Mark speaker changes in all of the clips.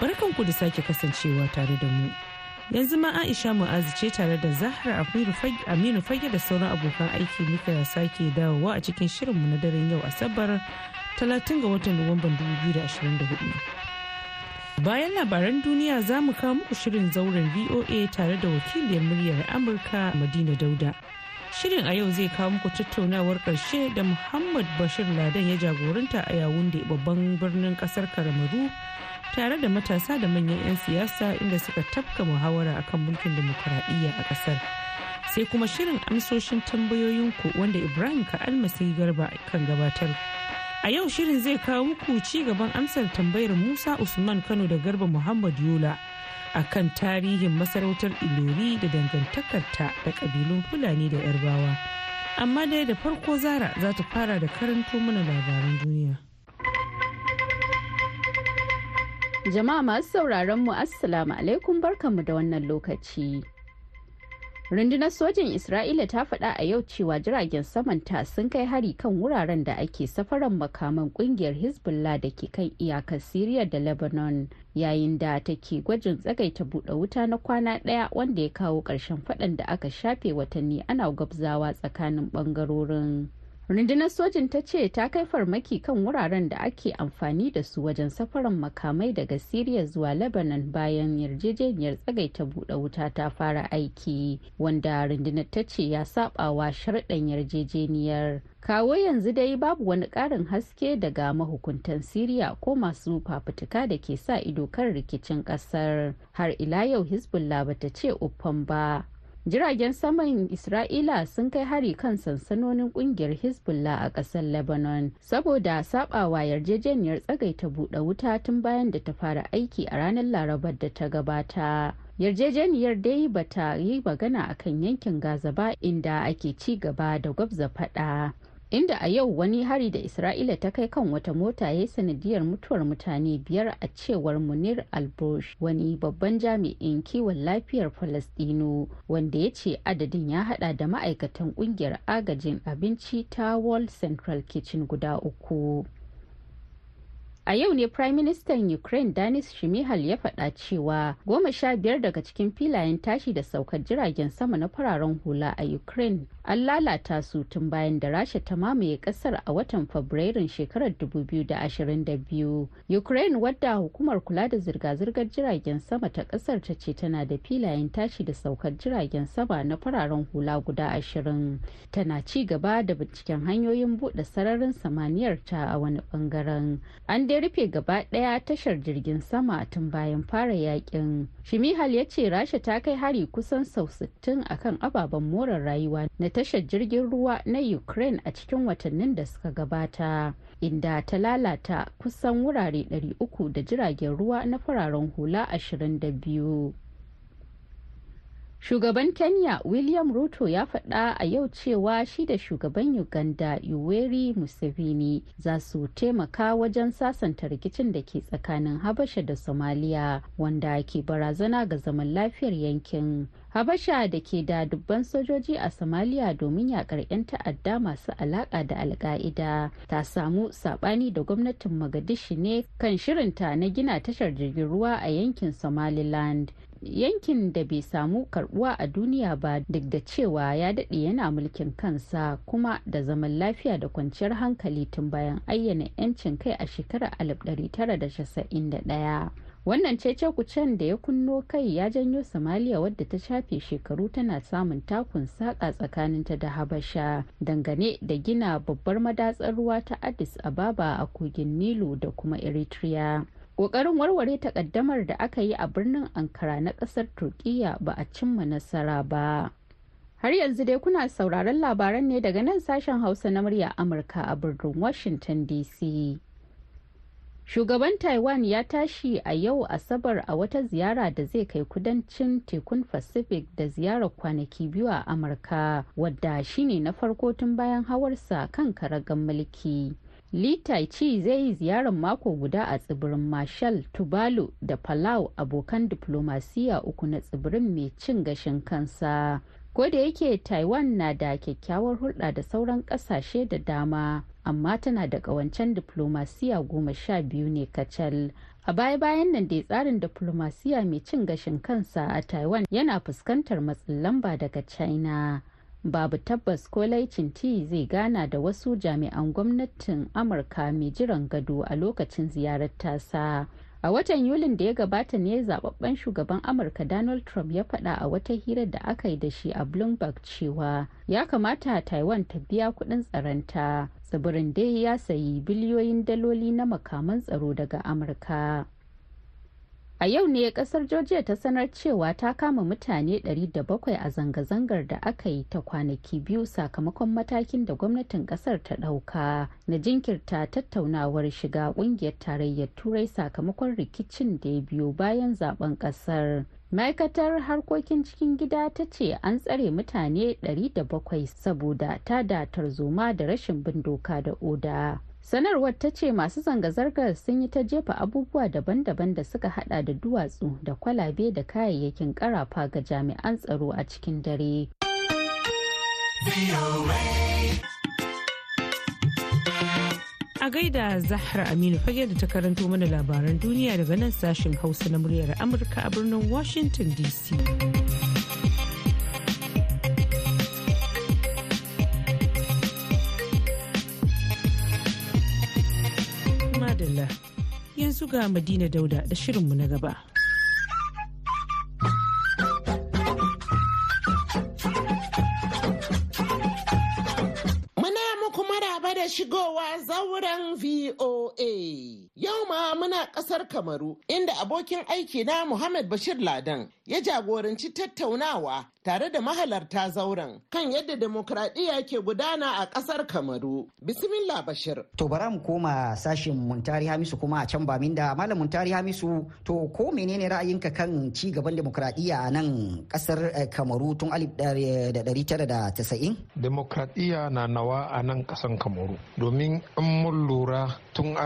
Speaker 1: barkanku da sake kasancewa tare da mu yanzu ma aisha mu'azu ce tare da zahra aminu fage da sauran abokan aiki muka sake dawowa a cikin shirinmu na daren yau asabar 30 ga watan nuwamban 2024 bayan labaran duniya za mu kawo muku shirin zauren voa tare da wakiliyar muryar amurka madina dauda shirin a yau zai kawo muku tattaunawar karshe da muhammad bashir ladan ya jagoranta a yawun da babban birnin kasar karamaru tare da matasa da manyan 'yan siyasa inda suka tafka muhawara akan mulkin demokuraɗiyya a ƙasar sai kuma shirin amsoshin tambayoyinku wanda ibrahim sai garba kan gabatar a yau shirin zai kawo muku ci gaban amsar tambayar musa usman kano da garba muhammad yola akan tarihin masarautar ilori da dangantakarta da ƙabilun fulani da yarbawa amma dai da farko zara za ta fara da karanto mana labaran duniya
Speaker 2: Jama'a masu sauraron mu Assalamu alaikum barkanmu da wannan lokaci. Rundunar sojin Isra'ila ta faɗa a yau cewa jiragen samanta sun kai hari kan wuraren da ake safaran makaman ƙungiyar Hezbollah da ke kan iyakar Siriya da Lebanon yayin da take gwajin tsagaita buɗe wuta na kwana ɗaya wanda ya kawo ƙarshen faɗan da aka shafe watanni ana gwabzawa tsakanin ɓangarorin. rundunar sojin ta ce ta kai farmaki kan wuraren da ake amfani da su wajen safaran makamai daga siriya zuwa lebanon bayan yarjejeniyar tsagaita buɗe wuta ta fara aiki wanda rundunar ta ce ya sabawa sharɗan yarjejeniyar kawo yanzu dai babu wani ƙarin haske daga mahukuntan siriya ko masu fafutuka da ke sa ido kan rikicin ƙasar har ila yau hezbollah bata ce uffan ba jiragen saman isra'ila sun kai hari kan sansanonin kungiyar hezbollah a ƙasar lebanon saboda sabawa yarjejeniyar tsagaita buɗe wuta tun bayan da ta fara aiki a ranar larabar da ta gabata yarjejeniyar dai bata yi magana akan yankin gaza ba inda ake ci gaba da gwabza faɗa. inda a yau wani hari da isra'ila ta kai kan wata mota ya yi sanadiyar mutuwar mutane biyar a cewar munir albush wani babban jami'in kiwon lafiyar falastino wanda ya ce adadin ya hada da ma'aikatan kungiyar agajin abinci ta wall central kitchen guda uku A yau ne Prime Minister Ukraine Danis Shimihal ya faɗa cewa goma sha biyar daga cikin filayen tashi da saukar jiragen sama na fararen hula a Ukraine an lalata su tun bayan da Rasha ta mamaye ƙasar a watan Fabrairun shekarar 2022. Ukraine wadda hukumar kula da zirga-zirgar jiragen sama ta ƙasar ta ce tana da filayen tashi da saukar jiragen sama na fararen hula guda ashirin. Tana ci gaba da binciken hanyoyin buɗe sararin samaniyar ta a wani bangaren. An ya rufe gaba ɗaya tashar jirgin sama tun bayan fara yakin. Shimihal ya ce Rasha ta kai hari kusan sau 60 a kan ababen more rayuwa na tashar jirgin ruwa na Ukraine a cikin watannin da suka gabata. inda ta lalata kusan wurare 300 da jiragen ruwa na fararen hula 22. shugaban kenya william ruto ya faɗa a yau cewa shi da shugaban uganda yoweri museveni za su taimaka wajen sasanta rikicin da ke tsakanin habasha da Somalia wanda ke barazana ga zaman lafiyar yankin habasha da ke da dubban sojoji a Somalia domin yakar 'yan ta'adda masu alaƙa da alka'ida ta samu saɓani da gwamnatin magadishi ne kan shirinta na gina tashar jirgin ruwa a yankin somaliland yankin da bai samu karbuwa a duniya ba duk da cewa ya daɗe yana mulkin kansa kuma da zaman lafiya da kwanciyar hankali tun bayan ayyana 'yancin kai a shekarar 1991 wannan cece kucen da ya kunno kai ya janyo somalia wadda ta shafe shekaru tana samun takun saƙa ta da habasha dangane da gina babbar madatsar ruwa ta addis ababa a kogin nilo da kuma eritrea ƙoƙarin warware takaddamar da aka yi a birnin ankara na ƙasar Turkiyya ba a cimma nasara ba har yanzu dai kuna sauraron labaran ne daga nan sashen hausa na murya amurka a birnin washington dc shugaban taiwan ya tashi a yau asabar a wata ziyara da zai kai kudancin tekun pacific da ziyarar kwanaki biyu a amurka wadda shine na farko tun bayan hawarsa kan karagan mulki Li ci zai yi ziyarar mako guda a tsibirin Marshall, Tuvalu da Palau abokan diplomasiya uku na tsibirin mai cin gashin kansa. Koda yake Taiwan na da kyakkyawar hulɗa da sauran ƙasashe da dama, amma tana da ƙawancen diplomasiya goma sha biyu ne kacal. A baya-bayan nan dai tsarin diplomasiya mai cin gashin kansa a Taiwan yana fuskantar matsin lamba daga China. babu tabbas ko laicin ti zai gana da wasu jami'an gwamnatin amurka mai jiran gado a lokacin ziyarar tasa a watan yulin da ya gabata ne zababben shugaban amurka donald trump ya faɗa a wata hirar da aka yi da shi a bloomberg cewa ya kamata taiwan ta biya kuɗin tsaronta tsibirin dai ya sayi biliyoyin daloli na makaman tsaro daga amurka A yau ne kasar Georgia ta sanar cewa ta kama mutane 700 a zanga-zangar da aka yi ta kwanaki biyu sakamakon matakin da gwamnatin kasar ta ɗauka na jinkirta tattaunawar shiga ƙungiyar tarayyar turai sakamakon rikicin da ya biyo bayan zaben kasar. ma'aikatar harkokin cikin gida ta ce an tsare mutane 700 saboda ta da tarzoma da rashin bin doka da oda sanarwar ta ce masu zanga-zangar sun yi ta jefa abubuwa daban-daban da suka hada da duwatsu da kwalabe da kayayyakin karafa ga jami'an tsaro a cikin dare a gaida zahra aminu fage
Speaker 1: da ta karanto mana labaran duniya daga nan sashen hausa na muryar amurka a birnin washington dc zuga Madina Dauda da shirinmu na gaba.
Speaker 3: Yau ma muna kasar Kamaru inda abokin aiki na Muhammad Bashir Ladan ya jagoranci tattaunawa tare da mahalarta zauren kan yadda demokradiyya ke
Speaker 4: gudana a kasar Kamaru.
Speaker 5: Bismillah Bashir. To bara mu koma sashin Muntari Hamisu kuma a can bamin da Malam Muntari Hamisu to ko menene ra'ayinka kan ci gaban demokradiyya a nan ƙasar eh, Kamaru tun 1990? Eh,
Speaker 6: demokradiyya na nawa a nan kasar Kamaru domin in mun lura tun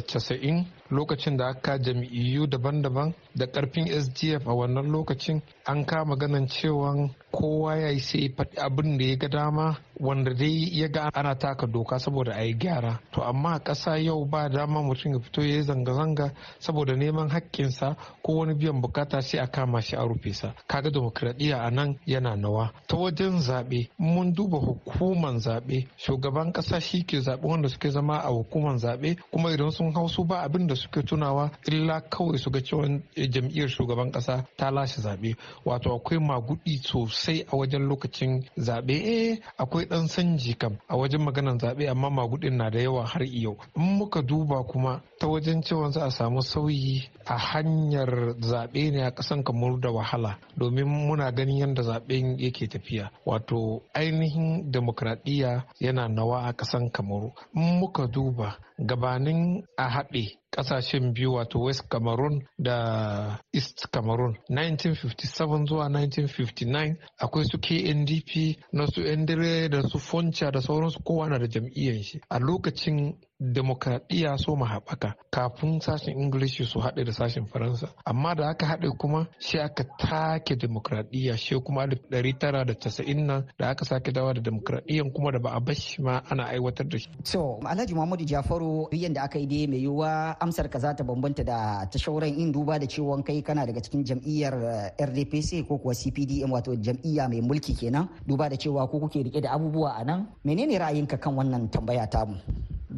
Speaker 6: 1990 lokacin da aka jam'iyyu daban-daban da karfin sdf a wannan lokacin an kama ganin cewa kowa ya yi sai abin da ya ga dama wanda dai ya ga ana taka doka saboda a yi gyara to amma ƙasa yau ba dama mutum ya fito ya yi zanga-zanga saboda neman haƙƙinsa ko wani biyan bukata sai a kama shi a rufe sa kaga demokradiyya a nan yana nawa ta wajen zaɓe mun duba hukuman zaɓe shugaban ƙasa shi ke zaɓe wanda suke zama a hukuman zaɓe kuma idan sun hau su ba abin da suke tunawa illa kawai su ga cewa jam'iyyar shugaban kasa ta lashe zaɓe wato akwai magudi sosai a wajen lokacin zaɓe eh, akwai ɗan sanji kam a wajen maganar zaɓe amma magudin na da yawa har yau in muka duba kuma ta wajen cewa za a samu sauyi a hanyar zaɓe ne a ƙasan kamar da wahala domin muna ganin yadda zaɓen yake tafiya wato ainihin demokradiyya yana nawa a ƙasan kamaru in muka duba gabanin a haɗe kasashen biyu wato west cameroon da east cameroon 1957 zuwa 1959 akwai su kndp na su endire da su fonca da sauransu kowa na da jam'iyyar shi a lokacin demokradiyya so mu haɓaka kafin sashen ingilishi su haɗe da sashen faransa amma da aka haɗe kuma shi aka take demokradiyya shi kuma ɗari tara da casa'in nan da aka sake dawa da demokradiyyan kuma da ba a bashi ma ana aiwatar da shi.
Speaker 5: So alhaji muhammadu jafaru yadda aka yi dai mai yiwuwa amsar ka za ta bambanta da ta shauran in duba da cewa kai kana daga cikin jam'iyyar eh, rdpc ko kuwa cpdm wato jam'iyya mai mulki kenan duba da cewa ko kuke rike da abubuwa a nan menene ra'ayinka kan wannan tambaya tamu.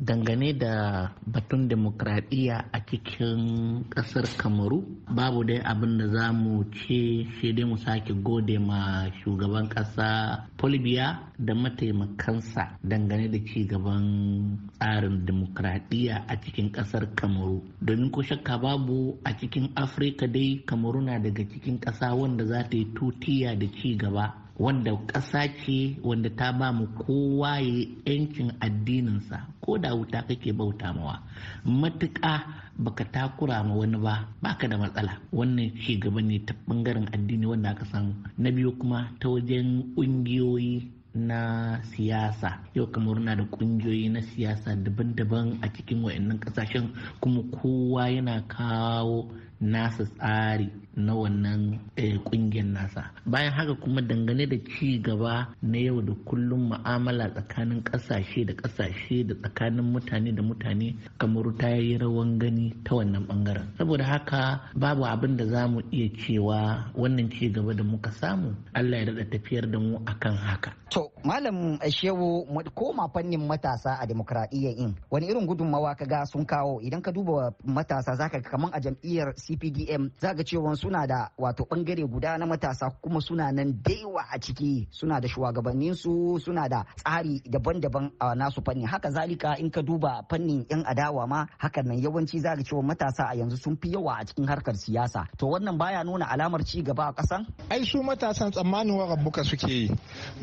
Speaker 4: dangane da batun demokradiyya a cikin kasar kamaru babu dai abin da za mu ce sai dai mu sake gode ma shugaban kasa polibiya da mataimakansa dangane da ci gaban tsarin demokradiyya a cikin kasar kamaru domin ko shakka babu a cikin afirka dai kamaru na daga cikin kasa wanda za ta yi tutiya da ci gaba wanda ƙasa ce wanda ta ba mu kowa ya yankin addininsa ko da wuta kake bauta mawa matuƙa baka takura ma wani ba baka da matsala wannan ci gaba ne ta bangaren addini wanda aka san na biyu kuma ta wajen ƙungiyoyi na siyasa yau kamar na da ƙungiyoyi na siyasa daban-daban a cikin wa'annan ƙasashen kuma kowa yana kawo nasa tsari na wannan kungiyar eh, nasa bayan haka kuma dangane da ci gaba na yau da kullum ma'amala tsakanin kasashe da kasashe da tsakanin mutane da mutane kamar ta yi rawan gani ta wannan bangaren saboda haka babu abin da za mu iya cewa wannan ci gaba da muka samu allah ya daɗa tafiyar da mu akan haka
Speaker 5: to malam shehu koma fannin matasa a demokradiyya in wani irin gudunmawa ka ga sun kawo idan ka duba matasa zaka kamar a jam'iyyar cpdm za cewa suna da wato bangare guda na matasa kuma suna nan daiwa a ciki suna da shugabannin su suna da tsari daban-daban a nasu fanni haka zalika in ka duba fannin yan adawa ma haka nan yawanci za ga cewa matasa a yanzu sun fi yawa a cikin harkar siyasa to wannan baya nuna alamar ci gaba a kasan ai su matasan tsammanin wa rabbuka suke yi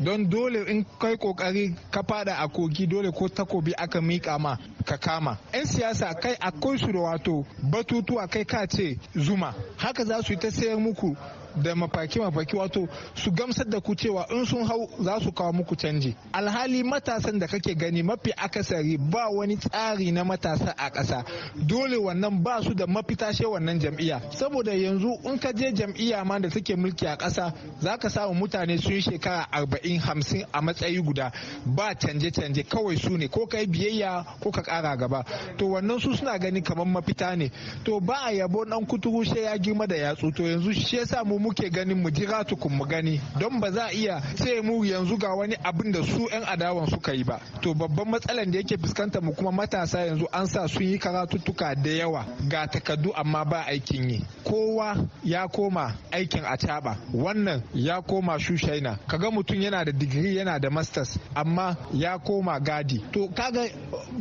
Speaker 5: don dole in kai
Speaker 7: kokari ka fada a kogi dole ko takobi aka mika ma ka kama yan siyasa kai akwai su da wato batutuwa kai ka ce zuma haka za su yi ta sayar muku da mafaki-mafaki wato su gamsar da ku cewa in sun hau za su kawo muku canji alhali matasan da kake gani mafi akasari ba wani tsari na matasa a ƙasa dole wannan ba su da mafita she wannan jam'iyya saboda yanzu in ka je jam'iyya ma da take mulki a ƙasa za ka samu mutane sun shekara arba'in hamsin a matsayi guda ba canje-canje kawai su ne ko kai biyayya ko ka ƙara gaba to wannan su suna gani kamar mafita ne to ba a yabo ɗan kuturu she ya girma da yatsu to yanzu shi yasa mu muke ganin mu jira tukun mu gani don ba za a iya ce mu yanzu ga wani abin da su 'yan adawan suka yi ba to babban matsalan da yake fuskanta mu kuma matasa yanzu an sa sun yi karatuttuka da yawa ga takaddu amma ba aikin yi kowa ya koma aikin a wannan ya koma shushaina kaga mutum yana da digiri yana da masters amma ya koma gadi to kaga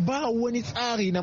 Speaker 7: ba wani tsari na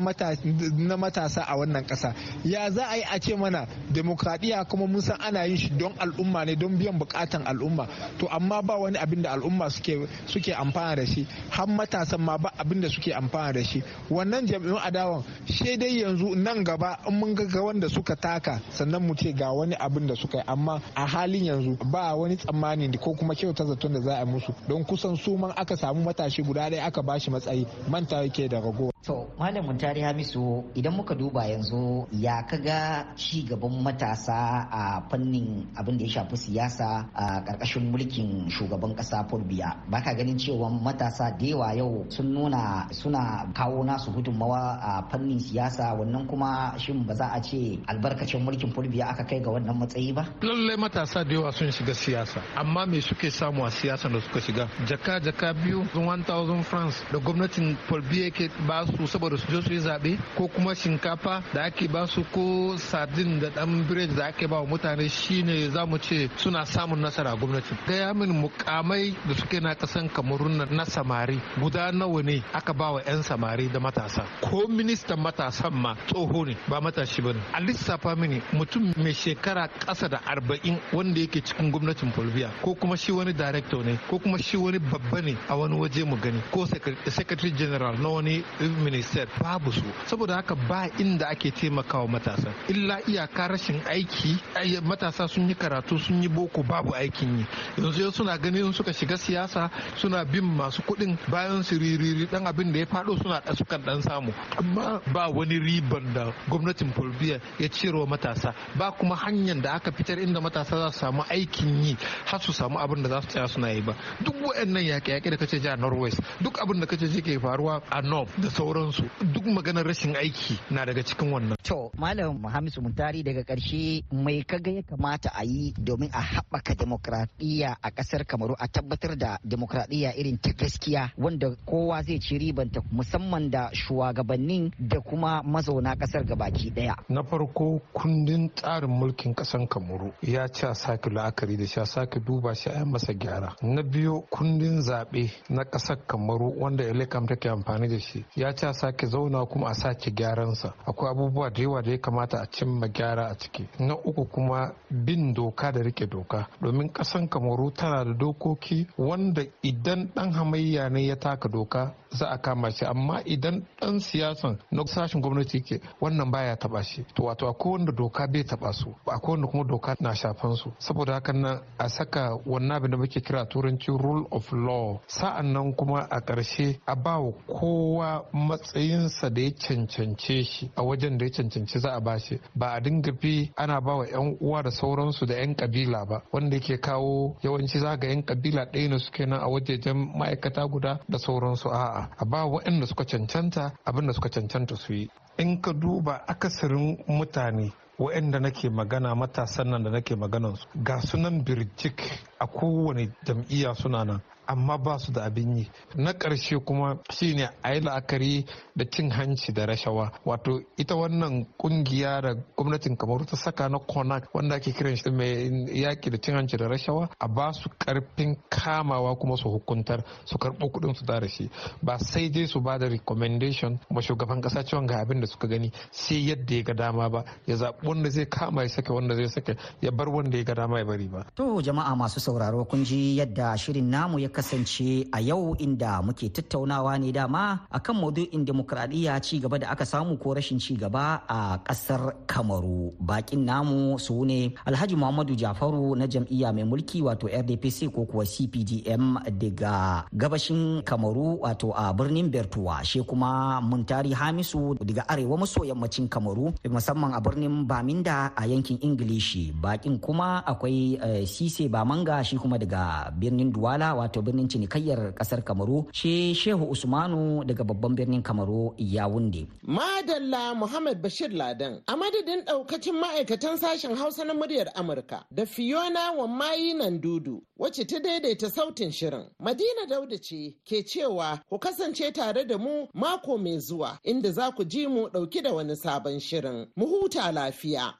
Speaker 7: matasa a wannan kasa ya za a yi a ce mana demokradiya kuma mun san ana yin shi don don al'umma ne don biyan bukatan al'umma to amma ba wani abin da al'umma suke suke amfana da shi har matasan ma ba abin da suke amfana da shi wannan jami'un adawan sai dai yanzu nan gaba in mun ga wanda suka taka sannan mu ce ga wani abin da suka yi amma a halin yanzu ba wani tsammani ko kuma kyauta zaton da za a musu don kusan suman aka samu matashi guda ɗaya aka bashi matsayi manta yake da ragowa To
Speaker 5: Malam tari Hamisu idan muka duba yanzu ya kaga ci gaban matasa a fannin abin da ya shafi siyasa a ƙarƙashin mulkin shugaban ƙasa Fulbiya. Baka ganin cewa matasa da yawa yau sun nuna suna kawo nasu gudunmawa a fannin siyasa wannan kuma shin ba za a ce albarkacin mulkin Fulbiya aka kai ga wannan matsayi ba?
Speaker 6: Lallai matasa da yawa sun shiga siyasa amma me suke samu a siyasa da suka shiga jaka jaka biyu 1000 francs da gwamnatin Fulbiya ke ba su saboda su je su yi zaɓe ko kuma shinkafa da ake ba su ko sardin da ɗan bread da ake ba wa mutane shine za mu ce suna samun nasara gwamnati. Gaya min mukamai da suke na kasan Kamarun na samari guda nawa ne aka ba wa 'yan samari da matasa. Ko ministan matasan ma tsoho ne ba matashi ba ne. A lissafa mini mutum mai shekara ƙasa da arba'in wanda yake cikin gwamnatin Bolivia ko kuma shi wani director ne ko kuma shi wani babba ne a wani waje mu gani ko secretary general na wani minister babu su saboda haka ba inda ake taimakawa matasa illa iyaka rashin aiki matasa sun yi karatu sun yi boko babu aikin yi yanzu suna ganin suka shiga siyasa suna bin masu kuɗin bayan su ririri dan abin da ya faɗo suna da kan dan samu amma ba wani riban da gwamnatin fulbiya ya cirewa matasa ba kuma hanyar da aka fitar inda matasa za su samu aikin yi har su samu abin da za su tsaya suna yi ba duk waɗannan yaƙe-yaƙe da kace ja norway duk abin da kace ke faruwa a north da sauran sauransu duk maganar rashin aiki na daga
Speaker 5: cikin wannan. To Malam Muhammad Muntari daga karshe mai kaga ya kamata a yi domin a haɓaka demokradiyya a ƙasar Kamaru a tabbatar da demokradiyya irin ta gaskiya wanda kowa zai ci ribanta musamman da shugabannin da kuma mazauna ƙasar gabaki daya.
Speaker 6: Na farko kundin tsarin mulkin ƙasar Kamaru ya ci a sake la'akari da shi a sake duba shi a masa gyara. Na biyu kundin zaɓe na ƙasar Kamaru wanda Elekam take amfani da shi ya bukaci a sake zauna kuma a sake gyaran sa akwai abubuwa da yawa da ya kamata a cimma gyara a ciki na uku kuma bin doka da rike doka domin kasan kamaru tana da dokoki wanda idan dan hamayya ne ya taka doka za a kama shi amma idan dan siyasan na sashen gwamnati ke wannan baya taba shi to wato a wanda doka bai taba su a wanda kuma doka na shafan su saboda hakan nan a saka wannan abin da muke kira turanci rule of law sa'an nan kuma a ƙarshe a ba wa kowa matsayinsa da ya cancance shi a wajen da ya cancanci za a ba shi ba a dinga bi ana ba wa 'yan uwa da sauransu da 'yan kabila ba wanda yake kawo yawanci za ga 'yan kabila ɗaya ne suke nan a wajejen ma'aikata guda da sauransu a'a jama'a a ba waɗanda suka cancanta abin da suka cancanta su yi in ka duba akasarin mutane waɗanda nake magana matasan nan da nake maganan su ga sunan birjik a kowane jam'iyya suna nan amma ba su da abin yi na ƙarshe kuma shine a yi la'akari da cin hanci da rashawa wato ita wannan kungiya da gwamnatin kamaru ta saka na konak wanda ake kiran shi mai yaƙi da cin hanci da rashawa a ba su ƙarfin kamawa kuma su hukuntar su karɓo kuɗin su da shi ba sai dai su ba da recommendation ma shugaban ƙasa cewa ga abin da suka gani sai yadda ya ga dama ba ya zaɓi wanda zai kama ya sake wanda zai sake ya bar wanda ya ga dama ya bari
Speaker 5: ba. to jama'a masu sauraro kun ji yadda shirin namu ya kasance a yau inda muke tattaunawa ne dama akan maudu'in demokradiyya ci gaba da aka samu ko rashin ci gaba a kasar kamaru bakin namu su ne alhaji muhammadu jafaru na jam'iyya mai mulki wato rdpc ko kuwa cpdm daga gabashin kamaru wato a birnin bertuwa shi kuma muntari hamisu daga arewa maso yammacin kamaru musamman a birnin baminda a yankin ingilishi bakin kuma akwai eh, sise bamanga shi kuma daga birnin duwala wato birnin cinikayyar kasar kamaru shi shehu usmanu daga babban birnin kamaru ya wunde
Speaker 7: madalla muhammad
Speaker 3: bashir ladan a madadin daukacin ma'aikatan sashen hausa na muryar amurka da fiona wammayi nan dudu wacce ta daidaita sautin shirin madina dauda ce ke cewa ku kasance tare da mu mako mai zuwa inda za ku ji mu dauki da wani sabon shirin mu huta lafiya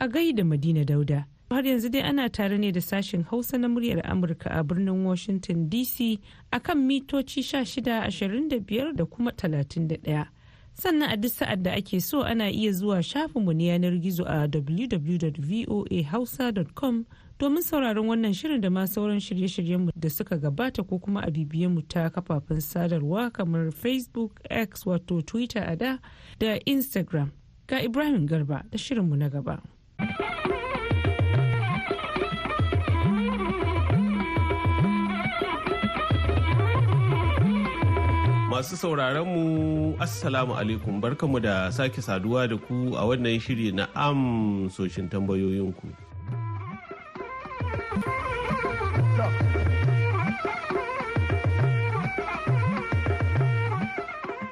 Speaker 1: a gaida madina dauda har yanzu dai ana tare ne da sashen hausa na muryar amurka a birnin washington dc akan mitoci 1625 da kuma 31 sannan a duk sa'ad da ake so ana iya zuwa shafinmu na yanar gizo a www.voahausa.com domin sauraron wannan shirin da ma sauran shirye-shiryenmu da suka gabata ko kuma a mu ta kafafen sadarwa kamar facebook x wato twitter a da da instagram ga ibrahim garba da shirinmu na gaba.
Speaker 8: Masu mu Assalamu alaikum barkamu da sake saduwa da ku a wannan shiri na amsoshin tambayoyinku.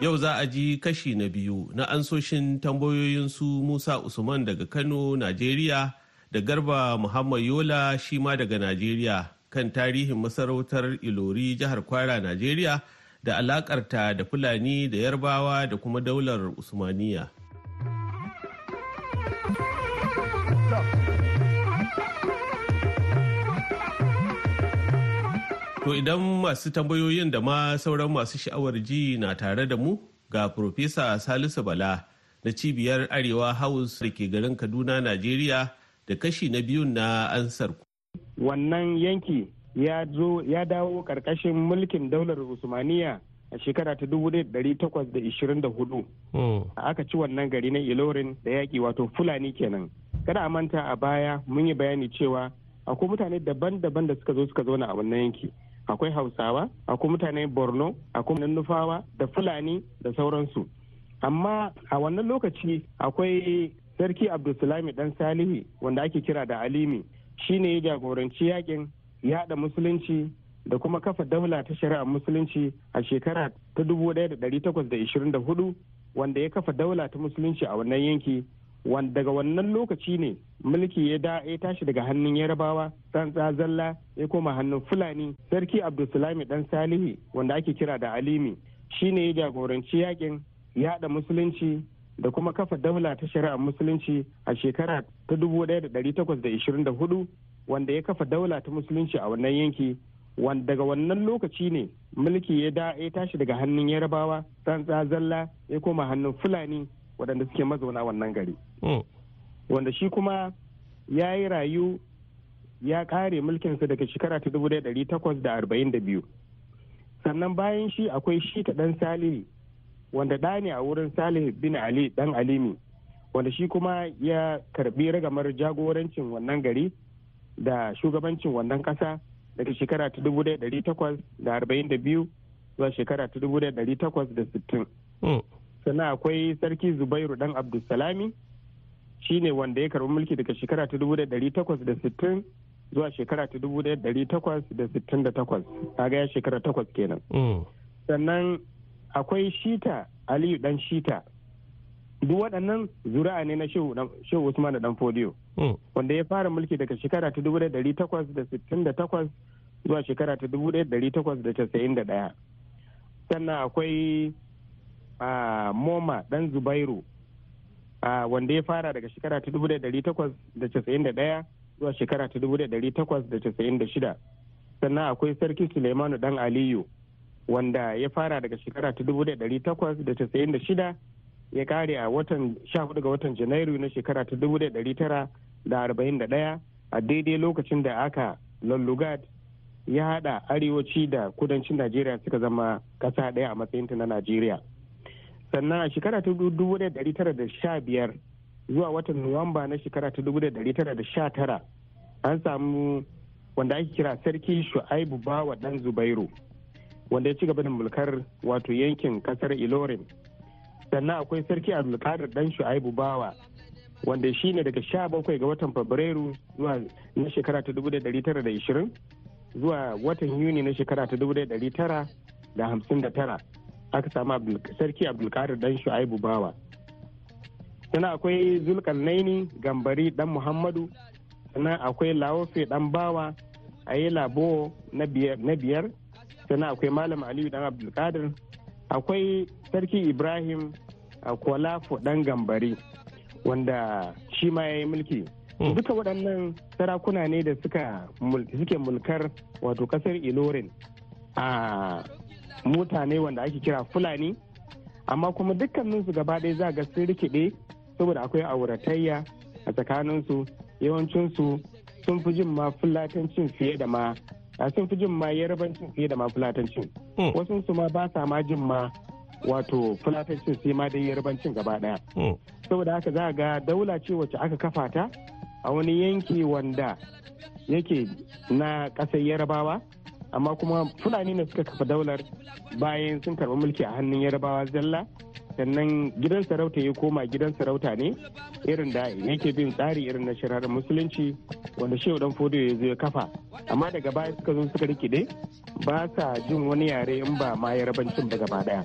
Speaker 8: Yau za a ji kashi na biyu na ansoshin tambayoyinsu Musa Usman daga Kano, Najeriya da Garba Muhammad Yola shima daga Najeriya kan tarihin masarautar Ilori jihar Kwara, Najeriya. da alakarta da fulani da yarbawa da kuma daular usmaniya To idan masu tambayoyin da ma sauran masu sha'awar ji na tare da mu ga Profesa Salisu Bala na cibiyar Arewa House da ke garin Kaduna, Najeriya da kashi na biyun na ansar. Wannan yanki
Speaker 3: ya dawo karkashin mulkin daular usmaniya a shekara ta 1824 hmm. aka ci wannan gari na ilorin da yaƙi wato fulani kenan kada a manta a baya mun yi bayani cewa akwai mutane daban-daban da suka zo suka zauna a wannan yanki akwai hausawa akwai mutane borno akwai nufawa da fulani da sauransu amma a wannan lokaci akwai sarki abdulsalami dan salihi wanda ake kira da alimi shine ya jagoranci yakin yada musulunci da kuma kafa daula ta shari'ar musulunci a shekara ta 1824 wanda ya kafa daula ta musulunci a wannan yanki wanda daga wannan lokaci ne mulki ya da ya tashi daga hannun yarabawa dan zalla ya koma hannun fulani sarki abdulsalami dan salihi wanda ake kira da alimi shine ya jagoranci yakin yada musulunci da kuma kafa daula ta shari'ar musulunci a shekara ta 1824 wanda ya kafa daula ta musulunci a wannan yanki wanda daga wannan lokaci ne mulki ya da ya tashi daga hannun yarabawa tsantsa zalla ya koma hannun fulani waɗanda suke mazauna wannan gari hmm. wanda shi kuma ya yi rayu ya kare mulkinsa daga shekara ta biyu sannan bayan shi akwai shi ta ɗan salihi wanda ɗa ne a wurin salihu bin ali ɗan alimi wanda shi kuma ya karbi ragamar jagorancin wannan gari da shugabancin wannan kasa daga shekara ta dubu takwas da da arba'in biyu zuwa shekara ta dubu takwas da sittin. Hmm. sannan akwai sarki zubairu dan abdulsalami shi ne wanda ya karbi mulki daga shekara ta dubu takwas da sittin zuwa shekara ta dubu takwas da da sittin takwas a gaya shekara takwas kenan hmm. sannan akwai shita aliyu dan shita duk waɗannan zuri'a ne na shehu usman da dan fodiyo Hmm. wanda ya fara mulki daga shekara ta dubu takwas zuwa shekara ta dubu takwas da da casa'in daya sannan akwai moma dan zubairu wanda ya fara daga shekara ta dubu da da casa'in daya zuwa shekara ta dubu da da casa'in shida. sannan akwai sarki suleimanu dan aliyu wanda ya fara daga shekara ta dubu da da casa'in shida. ya kare a watan 14 ga watan janairu na shekara ta 1941 a daidai lokacin da aka lullugat ya hada arewaci da kudancin najeriya suka zama kasa daya a matsayin ta na najeriya sannan a shekara ta 1915 zuwa watan nuwamba na shekara ta 1919 an samu wanda ake kira sarki shu'aibu bawa dan zubairu wanda ya ci gaba da mulkar wato yankin kasar ilorin sannan akwai sarki abdulkadir dan shu'aibu bawa wanda shi ne daga 17 ga watan fabrairu zuwa na shekara ta 1920 zuwa watan yuni na shekara ta 1959 aka samu sarki abdulkadir dan shu'aibu bawa sannan akwai zulkarnaini gambari dan muhammadu sannan akwai lawofe dan bawa a yi labo na biyar sannan akwai malam aliyu dan abdulkadir akwai sarki ibrahim uh, kola fudan gambari wanda shi ma ya yi mulki hmm. duka waɗannan sarakuna ne da suke mulkar wato ƙasar ilorin a mutane wanda ake kira fulani amma kuma dukkaninsu gaba ɗaya za ga sun rikide saboda akwai auratayya a tsakaninsu yawancinsu sun fi jin ma fulatancin fiye da ma sun fi jin ma yarabancin fiye da ma fulatancin hmm. wasu su ma ba sa ma jin ma wato fulatancin sai ma dai yarbancin gaba daya oh. saboda haka za ga daula ce wacce aka kafa ta a wani yanki wanda yake na ƙasar yarabawa amma kuma fulani ne suka kafa daular bayan sun karɓi mulki a hannun yarabawa zalla sannan gidan sarauta ya koma gidan sarauta ne irin da yake bin tsari irin na shirar musulunci wanda shehu dan fodo ya zo ya kafa amma daga baya suka zo suka rikide ba sa jin wani yare in ba ma yarabancin ba gaba daya.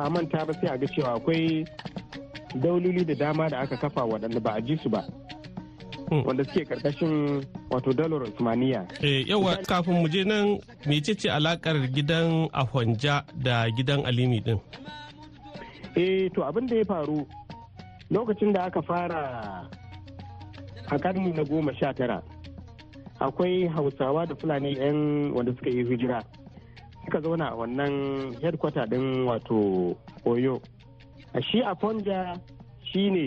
Speaker 3: ba a manta ba sai a ga cewa akwai daululi da dama da aka kafa waɗanda ba a ji su ba hmm. wanda suke karkashin wato dalar usmaniya
Speaker 8: eh, yawa kafin mu je nan mecece alakar gidan afonja da gidan alimi din
Speaker 3: eh to abin da ya faru lokacin da aka fara a karni na goma sha tara akwai hausawa da fulani 'yan wanda suka yi hijira suka zauna a wannan headquarter din wato oyo a shi a fonja shi ne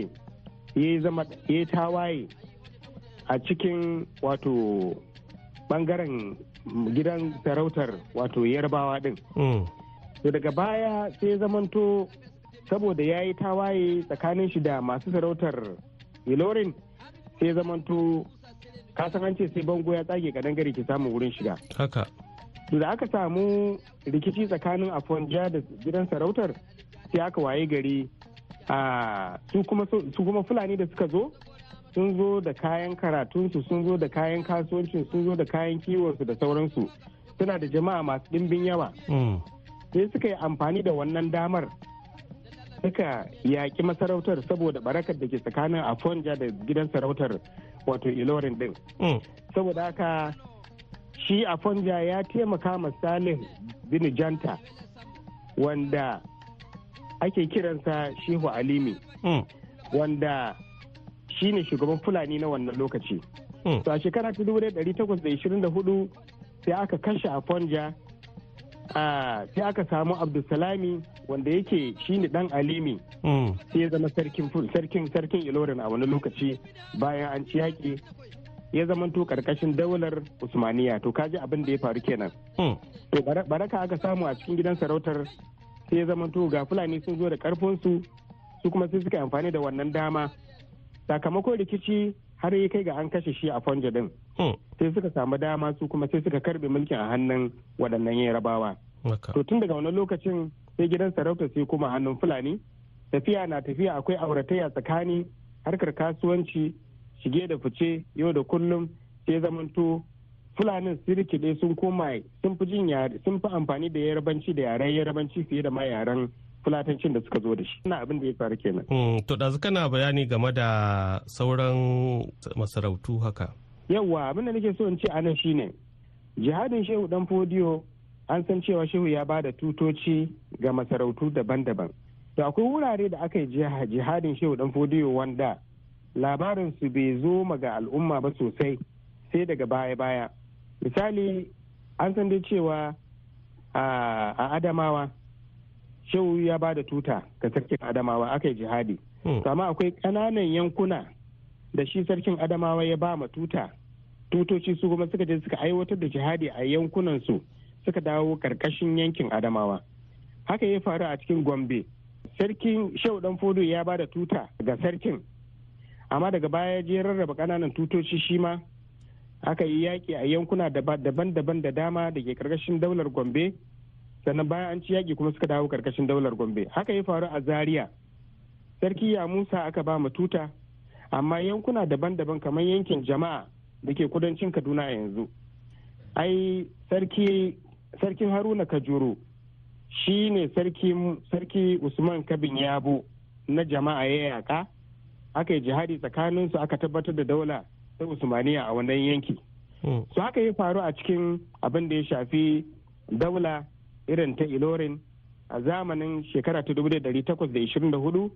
Speaker 3: ya tawaye a cikin wato bangaren gidan sarautar wato yarbawa din mm. to daga baya sai ya zamanto saboda ya yi tawaye tsakanin shi da masu sarautar ilorin sai ya zamanto kasan an ce sai bango ya tsage kadan gari ki samun wurin shiga to da aka samu rikici tsakanin afonja da gidan sarautar sai aka waye gari a su kuma fulani da suka zo sun zo da kayan karatunsu sun zo da kayan kasuwancin sun zo da kayan kiwonsu da sauransu suna da jama'a masu ɗimbin yawa hmm. sai suka yi amfani da wannan damar suka yaƙi masarautar saboda barakar da ke tsakanin afonja da gidan sarautar wato ilorin din hmm. saboda haka shi a fonja ya taimaka ma Salim bin janta wanda ake kiransa shehu alimi hmm. wanda shi ne shugaban fulani na wannan lokaci hmm. to a shekara ta 1824 sai aka kashe a fonja sai aka samu abdulsalami wanda yake ne dan alimi hmm. sai ya zama sarkin sarkin ilorin a wani lokaci bayan an ci yaƙi ya zamanto karkashin daular usmaniya to kaji abin da ya faru kenan hmm. to baraka aka samu a cikin gidan sarautar sai ya zamanto ga fulani sun zo da karfinsu su kuma sai suka amfani da wannan dama sakamakon rikici har ya kai ga an kashe shi a fonja din hmm. sai suka samu dama su kuma sai suka karbe mulkin a hannun waɗannan yarabawa to tun daga wani lokacin sai gidan sarauta sai kuma hannun fulani tafiya na tafiya akwai auratayya tsakani harkar kasuwanci shige da fice yau da kullum sai zamanto fulanin sun rikide sun koma sun fi jin sun fi amfani da yarabanci da yaren yarabanci fiye da ma yaren fulatancin da suka zo da shi na abin da ya faru kenan.
Speaker 2: Hmm,
Speaker 8: to ɗazu kana bayani game da sauran masarautu haka. yawwa
Speaker 3: abin da nake so in ce shi ne jihadin shehu dan fodiyo an san cewa shehu ya ba da tutoci ga masarautu daban-daban to akwai wurare da aka yi jihadin shehu dan fodiyo wanda labarinsu bai zo ga al'umma ba sosai sai daga baya-baya misali an san dai cewa a adamawa shehu ya ba da tuta ga sarkin adamawa aka yi jihadi hmm. amma akwai ƙananan yankuna da shi sarkin adamawa ya ba ma tuta tutoci su kuma suka je suka aiwatar da jihadi a yankunansu suka dawo karkashin yankin adamawa haka ya faru a cikin gombe sarkin shehu dan fodo ya ba da tuta ga sarkin amma daga baya je rarraba kananan tutoci shi ma aka yi yaƙi a yankuna daban-daban da dama da ke karkashin daular gombe sannan bayan an ci yaƙi kuma suka dawo karkashin daular gombe haka ya faru a zaria sarki ya musa aka ba mu tuta amma yankuna daban-daban kamar yankin jama'a da ke kudancin kaduna a yanzu ai sarki sarkin haruna kajuru shi ne sarki usman kabin yabo na jama'a ya yaƙa aka yi jihadi tsakaninsu aka tabbatar da daula ta usmaniya a wannan yanki hmm. su haka yi faru a cikin abin da ya shafi daula irin ta ilorin a zamanin shekara ta 1824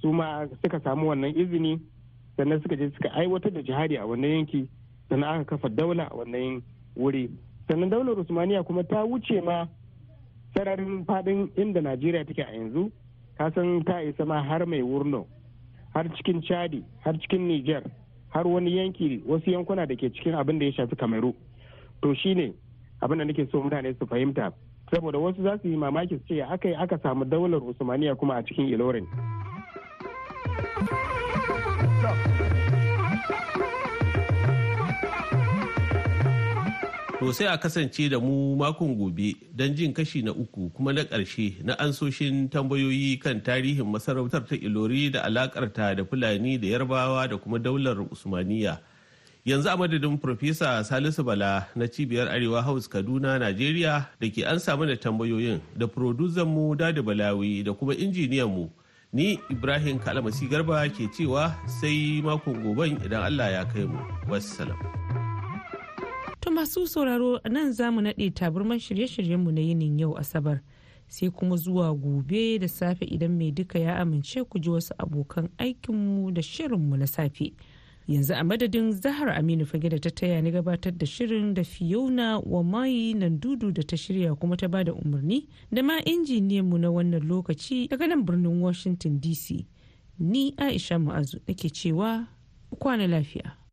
Speaker 3: su ma suka samu wannan izini sannan suka je suka aiwatar da jihadi a wannan yanki sannan aka kafa daula a wannan wuri sannan daular usmaniya kuma ta wuce ma sararin fadin inda najeriya take a yanzu kasan ta isa ma har mai wurno har cikin chadi har cikin niger har wani yanki wasu yankuna da ke cikin abin da ya shafi kameru to shine abin da nake so mutane su fahimta saboda wasu za su yi mamaki su ce aka yi aka samu daular usmaniya kuma a cikin ilorin
Speaker 8: To sai a kasance da mu makon gobe don jin kashi na uku kuma na ƙarshe na ansoshin tambayoyi kan tarihin masarautar ta Ilori da alakar ta da Fulani da Yarbawa da kuma daular Usmaniya. Yanzu a madadin Profesa Salisu Bala na Cibiyar Arewa House Kaduna, nigeria da ke an samu da tambayoyin da mu Dadi Balawi da kuma injiniyan mu ni Ibrahim Kalamasi Garba ke cewa sai makon goben idan Allah ya kai mu. Wassalam.
Speaker 1: masu sauraro nan za mu naɗe taburman shirye-shiryenmu na yinin yau asabar sai kuma zuwa gobe da safe idan mai duka ya amince ku ji wasu abokan aikinmu da shirinmu na safe yanzu a madadin zahar aminu fage da ta taya ni gabatar da shirin da fiona mai nan dudu da ta shirya kuma ta bada umarni da ma mu na wannan lokaci daga nan birnin washington dc ni aisha ma'azu nake cewa kwana lafiya